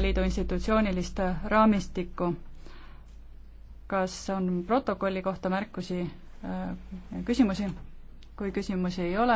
Euroopa Liidu institutsioonilist raamistikku. kas on protokolli kohta märkusi, äh, küsimusi? kui küsimusi ei ole,